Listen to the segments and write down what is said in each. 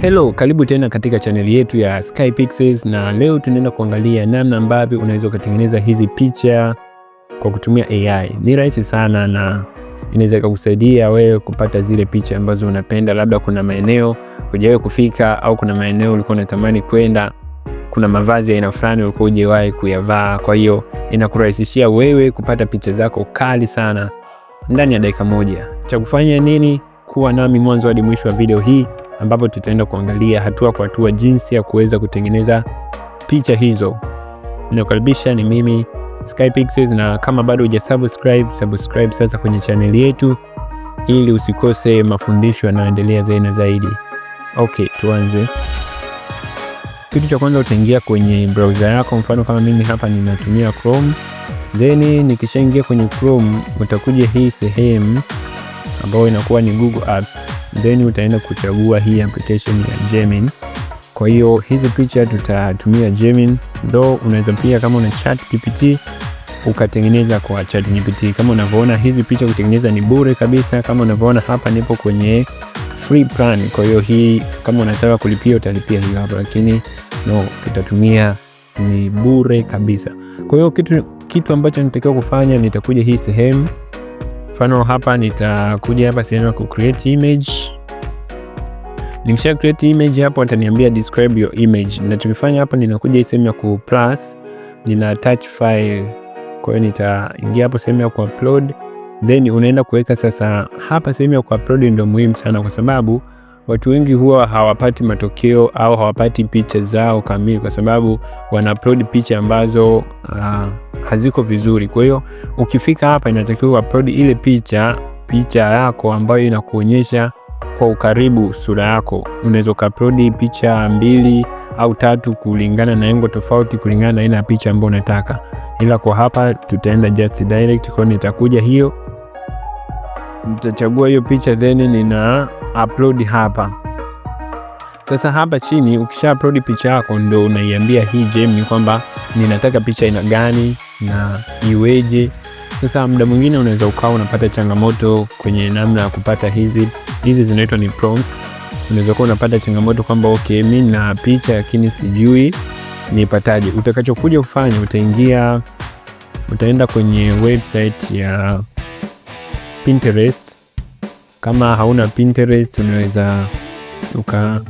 Hello, karibu tena katika chaneli yetu ya Sky Pixels, na leo tunaenda kuangalia namna ambavyo unaweza ukatengeneza hizi picha kwa kutumia AI. Ni rahisi sana na inaweza kukusaidia wewe kupata zile picha ambazo unapenda. Labda kuna maeneo hujawahi kufika au kuna maeneo ulikuwa unatamani kwenda, kuna mavazi aina fulani ulikuwa hujawahi kuyavaa. Kwa hiyo inakurahisishia wewe kupata picha zako kali sana ndani ya dakika moja. Cha kufanya nini? Kuwa nami mwanzo hadi mwisho wa video hii ambapo tutaenda kuangalia hatua kwa hatua jinsi ya kuweza kutengeneza picha hizo. Ninakukaribisha, ni mimi Sky Pixels, na kama bado hujasubscribe, subscribe sasa kwenye channel yetu ili usikose mafundisho yanayoendelea zaidi na zaidi. Okay, tuanze. Kitu cha kwanza utaingia kwenye browser yako, mfano kama mimi hapa ninatumia Chrome. Then nikishaingia kwenye Chrome, utakuja hii sehemu ambayo inakuwa ni Google Apps then utaenda kuchagua hii application ya Gemini. Kwa hiyo hizi picha tutatumia Gemini, though unaweza pia kama una chat GPT ukatengeneza kwa chat GPT. Kama unavyoona hizi picha kutengeneza ni bure kabisa. Kama unavyoona hapa, nipo kwenye free plan. Kwa hiyo hii kama unataka kulipia utalipia hiyo hapa, lakini no, tutatumia ni bure kabisa. Kwa hiyo kitu, kitu ambacho nitakiwa kufanya nitakuja hii sehemu Mfano hapa nitakuja hapa sehemu ya kucreate image. Nikisha create image hapo ataniambia describe your image. Ninachokifanya hapa ninakuja sehemu ya ku plus, nina attach file. Kwa hiyo nitaingia hapo sehemu ya ku upload then unaenda kuweka sasa. Hapa sehemu ya ku upload ndio muhimu sana kwa sababu watu wengi huwa hawapati matokeo au hawapati picha zao kamili, kwa sababu wana upload picha ambazo uh, haziko vizuri. Kwa hiyo ukifika hapa, inatakiwa upload ile picha picha yako ambayo inakuonyesha kwa ukaribu sura yako. Unaweza ukaupload picha mbili au tatu kulingana na lengo tofauti, kulingana na aina ya picha ambayo unataka, ila kwa hapa tutaenda just direct. Kwa hiyo nitakuja hiyo, mtachagua hiyo picha then nina upload hapa. Sasa hapa chini ukisha upload picha yako, ndo unaiambia hii Gemini kwamba ninataka picha ina gani na iweje. Sasa muda mwingine unaweza ukawa unapata changamoto kwenye namna ya kupata hizi hizi, zinaitwa ni prompts. Unaweza kuwa unapata changamoto kwamba okay, mimi na picha lakini sijui nipataje. Utakachokuja kufanya utaingia, utaenda kwenye website ya Pinterest kama hauna Pinterest, unaweza uka,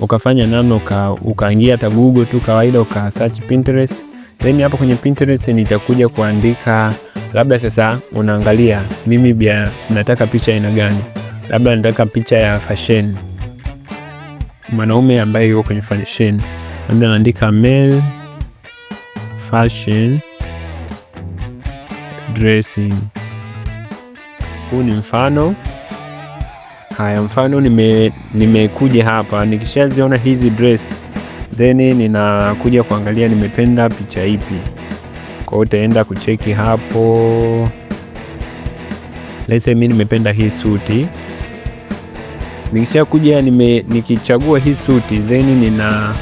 ukafanya namna uka, ukaingia hata Google tu kawaida uka search Pinterest, then hapo kwenye Pinterest nitakuja kuandika labda sasa unaangalia mimi bia, nataka picha aina gani? Labda nataka picha ya fashion, mwanaume ambaye yuko kwenye fashion, labda naandika male fashion dressing. Huu ni mfano Haya, mfano nimekuja nime hapa nikishaziona hizi dress then ninakuja kuangalia nimependa picha ipi. Kwa utaenda kucheki hapo. Let's say mimi nimependa hii suti. Nikishakuja nime nikichagua hii suti then nina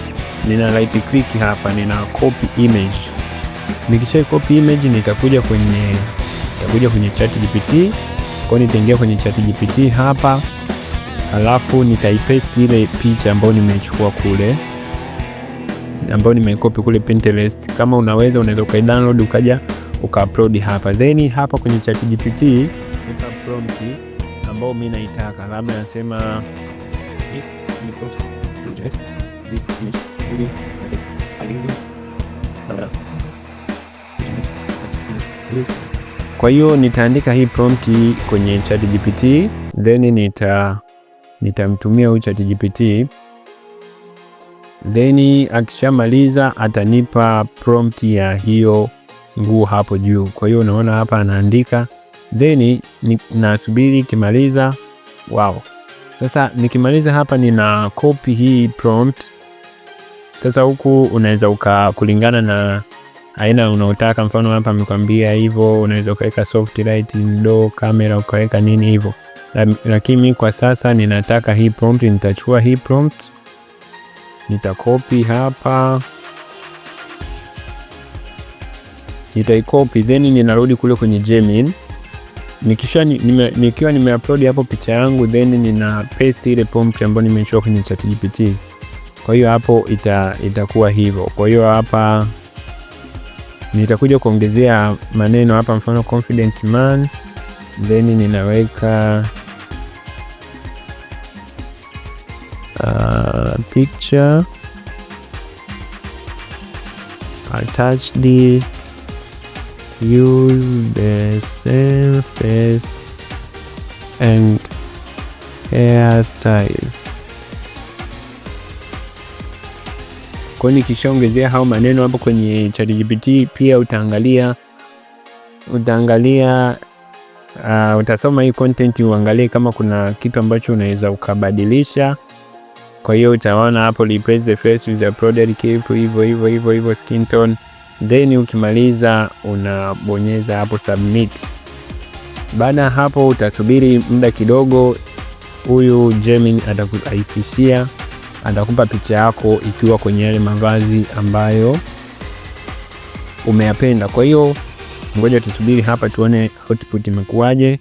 nina right click hapa, nina copy image. Nikisha copy image nitakuja kwenye nitakuja kwenye ChatGPT kwa hiyo nitaingia kwenye chat GPT hapa, alafu nitaipaste ile picha ambayo nimechukua kule ambayo nimekopi kule Pinterest. Kama unaweza unaweza ukaidownload ukaja ukaupload hapa, then hapa kwenye chat GPT nipa prompt ambayo mimi naitaka, labda nasema kwa hiyo nitaandika hii prompt kwenye ChatGPT then nita nitamtumia huyu ChatGPT then akishamaliza atanipa prompt ya hiyo nguo hapo juu. Kwa hiyo unaona hapa anaandika then nasubiri kimaliza. Wow, sasa nikimaliza hapa nina copy hii prompt. Sasa huku unaweza uka kulingana na aina unaotaka. Mfano hapa amekwambia hivyo, unaweza ukaweka soft light, ndo kamera, ukaweka nini hivyo, lakini kwa sasa ninataka hii prompt. Nitachukua hii prompt, nitakopi hapa, nitaikopi then ninarudi kule kwenye Gemini nikisha nime, nikiwa nimeupload hapo picha yangu then nina paste ile prompt ambayo nimechukua kwenye ChatGPT. Kwa hiyo hapo itakuwa ita hivyo. Kwa hiyo hapa nitakuja kuongezea maneno hapa, mfano confident man, then ninaweka uh, picture attached use the same face and hairstyle. Kwa hiyo nikishaongezea hao maneno hapo kwenye ChatGPT, pia utaangalia utaangalia uh, utasoma hii content uangalie kama kuna kitu ambacho unaweza ukabadilisha. Kwa hiyo utaona hapo replace the face with a product cap, hivyo hivyo hivyo hivyo skin tone, then ukimaliza unabonyeza hapo submit. Baada ya hapo utasubiri muda kidogo, huyu Gemini atakurahisishia atakupa picha yako ikiwa kwenye yale mavazi ambayo umeyapenda. Kwa hiyo ngoja tusubiri hapa tuone output imekuwaje.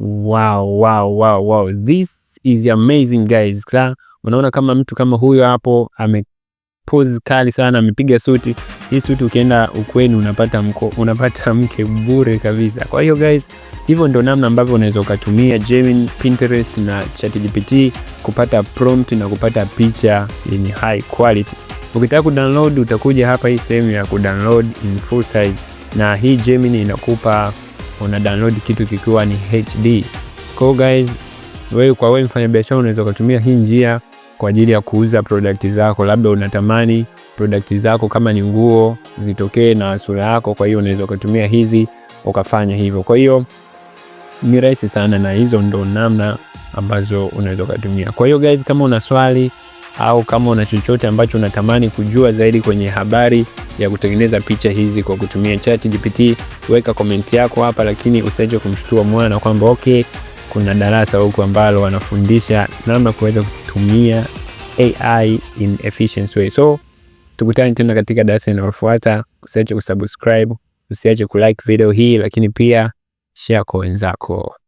Wow, wow, wow, wow. This is amazing guys. Unaona kama mtu kama huyo hapo ame pose kali sana, amepiga suti hii suti ukienda ukweni unapata mko, unapata mke bure kabisa. Kwa hiyo guys, hivyo ndo namna ambavyo unaweza ukatumia Gemini, Pinterest na ChatGPT kupata prompt na kupata picha yenye high quality. Ukitaka kudownload utakuja hapa hii sehemu ya kudownload in full size, na hii Gemini inakupa una download kitu kikiwa ni HD. Kwa hiyo guys, wewe kwa wewe mfanyabiashara unaweza ukatumia hii njia kwa ajili ya kuuza product zako, labda unatamani product zako kama ni nguo zitokee na sura yako. Kwa hiyo unaweza ukatumia hizi ukafanya hivyo. Kwa hiyo ni rahisi sana, na hizo ndo namna ambazo unaweza ukatumia. Kwa hiyo guys, kama una swali au kama una chochote ambacho unatamani kujua zaidi kwenye habari ya kutengeneza picha hizi kwa kutumia ChatGPT, weka komenti yako hapa, lakini usiache kumshtua mwana kwamba okay, kuna darasa huku ambalo wanafundisha namna kuweza kutumia AI in efficient way. So Tukutane tena katika darasa linalofuata. Usiache kusubscribe, usiache kulike video hii, lakini pia share kwa wenzako.